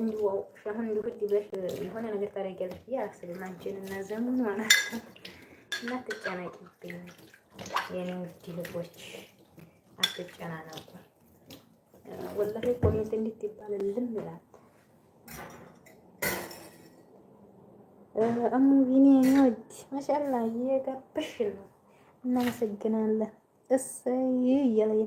እንዲሁ አሁን እንዲሁ ሁሉ የሆነ ነገር ታደርጊያለሽ ብዬ አላስብም። አንቺን እና ዘሙን ማለት እና አትጨናቂብኝ፣ የኔ ውድ ልቦች አትጨናነቁ። ወላሂ ኮሜንት እንዴት ይባልልን ይላል እሙ ቢኒ ወድ ማሻላ እየጋበሽን ነው። እናመሰግናለን። እሰይ እያለኝ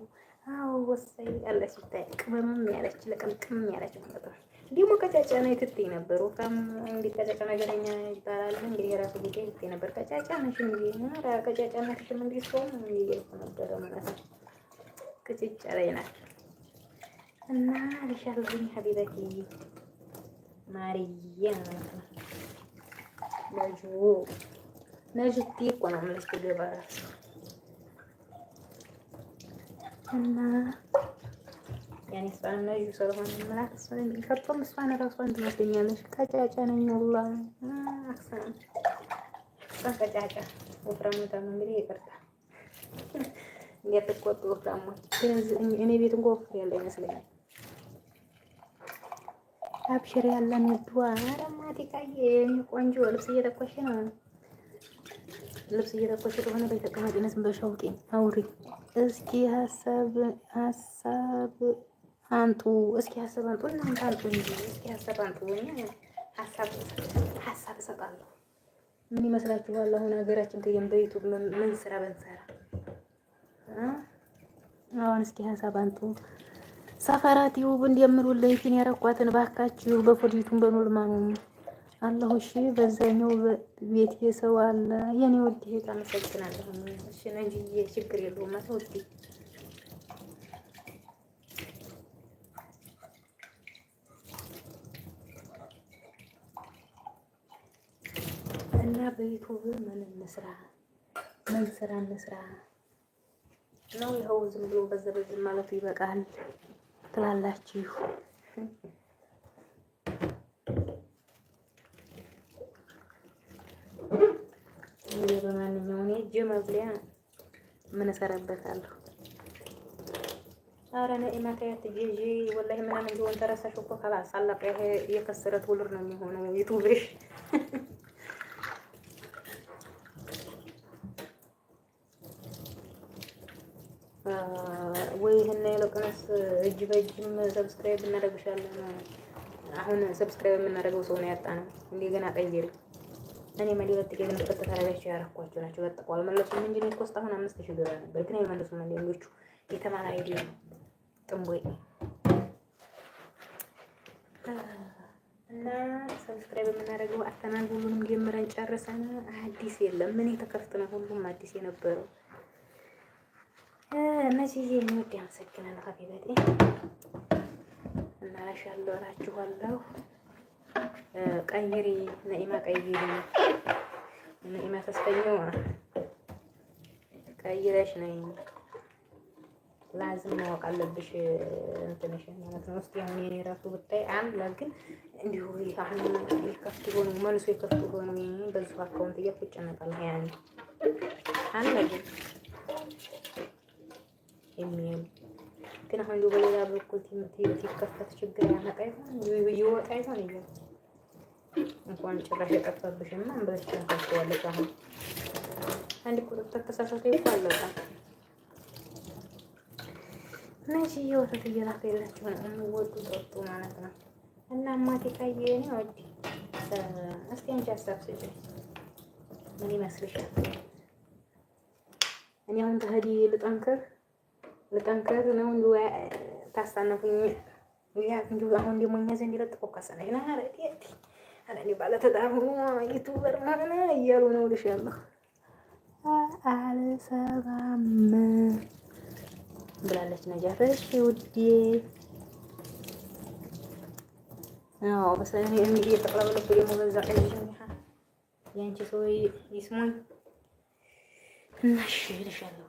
አዎ ወሳይ አለች። ይታይ ቅመምም ያለች ለቅምቅም ያለች ማለት ነው Di mu kaca-cana itu Tina baru kan di cakang agak ringnya Ita lagi ngeri rasa bikin Tina baru kan nah, macam di nara kaca-cana kita nunggu di skor nunggu di skor nunggu naga- naga ke cica lain akena di shalur ini habibati mari yang maju naga juwuk naga juwuk tiko naga እሷን እና ዩዘር ሆነ ምናምን እሷን ይፈርጦም እሷን ራሷን ትመስለኛለች። ቀጫጫ ነኝ አላ አክሰን እሷ ቀጫጫ ወፍራም በጣም እንግዲህ ይቅርታ እንዲያትቆጡ ወፍራሞች እኔ ቤት እንኳ ወፍር ያለ ይመስለኛል። አብሽር ያለ ነድዋ አረማቲቃዬ ቆንጆ ልብስ እየተኮሽ ነው ልብስ እየተኮሽ ከሆነ በተቀማጭነት በሻውጤ አውሪ እስኪ ሀሳብ ሀሳብ አንጡ እስኪ ሀሳብ አንጡ እናንተ አንጡ እንጂ እስኪ ሀሳብ አንጡ። እኛ ሀሳብ እሰጣለሁ። ምን ይመስላችኋል? አሁን ሀገራችን ገየም በዩቱብ ምን ስራ በንሰራ። አሁን እስኪ ሀሳብ አንጡ። ሰፈራት ይሁብ እንደምሩልኝ ፊን ያረኳትን ባካችሁ በፎዲቱም በኖልማኑ አለሁ። እሺ በዛኛው ቤት የሰው አለ የኔ ወድ ሄት አመሰግናለሁ። እሺ እንጂ ችግር የለውም። አተወድ እና በዩቱብ ምን እንስራ ምን ስራ እንስራ ነው? ይኸው ዝም ብሎ በዛ በዛ ማለቱ ይበቃል ትላላችሁ። በማንኛውም የእጅ መብለያ ምን እሰራበታለሁ? ኧረ ነኢማታያት ጄ ወላሂ ምናምን ቢሆን ተረሳሽ እኮ ከላስ አለቀ። ይሄ የከሰረት ውልር ነው የሚሆነው ዩቱብሽ ወይ ይህን ያለው እጅ በእጅም ሰብስክራይብ እናደርግሻለን። አሁን ሰብስክራይብ የምናደርገው ሰው ነው ያጣ ነው። እንደገና ቀይሪ። እኔ መዲበት ጥቂት እንድቀጥ ተረጋቸው ያረኳቸው ናቸው። በጠቁ አልመለሱም እንጂ እኔ እኮ እስከ አሁን አምስት ሺህ ብር ነበር፣ ግን አይመለሱም። አንዳንዶቹ የተማረ አይዲ ነው ጥምቦይ እና ሰብስክራይብ የምናደርገው አተናል ሁሉንም ጀምረን ጨርሰን አዲስ የለም። ምን የተከፍት ነው ሁሉም አዲስ የነበረው መሲዜ የሚወድ ያመሰግናል። ሀቢበቴ እናረሻለሁ እላችኋለሁ። ቀይሪ ነኢማ፣ ቀይሪ ነኢማ፣ ተስቀኘው ቀይረሽ ነይ። ላዝም ማወቅ አለብሽ እንትንሽ ማለት ነው። እስኪ አሁን የኔ ራሱ ብታይ አላ ግን እንዲሁ አሁን የከፍት ሆኑ መልሶ የከፍት ሆኑ በዙ አካውንት እያልኩ እጨነቃለሁ። ያኔ አላ ግን የሚሆን ግን አሁን በሌላ በኩል ሲከፈት ችግር ያመጣ ይሆን ይወጣ ይሆን እያ እንኳን ጭራሽ የጠፋብሽማ አንበለችን ከፍተዋለች። አሁን አንድ ቁጥጥር ተሳሳተ ይኮ አለውጣ እነዚ የወተት እየላከ የላቸውን የሚወዱ ጠጡ ማለት ነው። እና ማቴ ካየ እኔ ወዲ እስቲ አንቺ ሀሳብ ስጭኝ፣ ምን ይመስልሻል? እኔ አሁን ተህዲ ልጠንክር ልጠንክረት ነው ታሳነፉኝ። አሁን ደግሞ እኛ ዘንድ ለጥፎ ከሰናይ አረኔ ባለተዳር ዩቱበር ሆነ እያሉ ነው ልሻለሁ አልሰማም ብላለች ነጃት። እሺ ውዴ እየተቅለበለኩ ደግሞ በዛ የአንቺ ሰው ይስሞኝ እና እሺ ልሻለሁ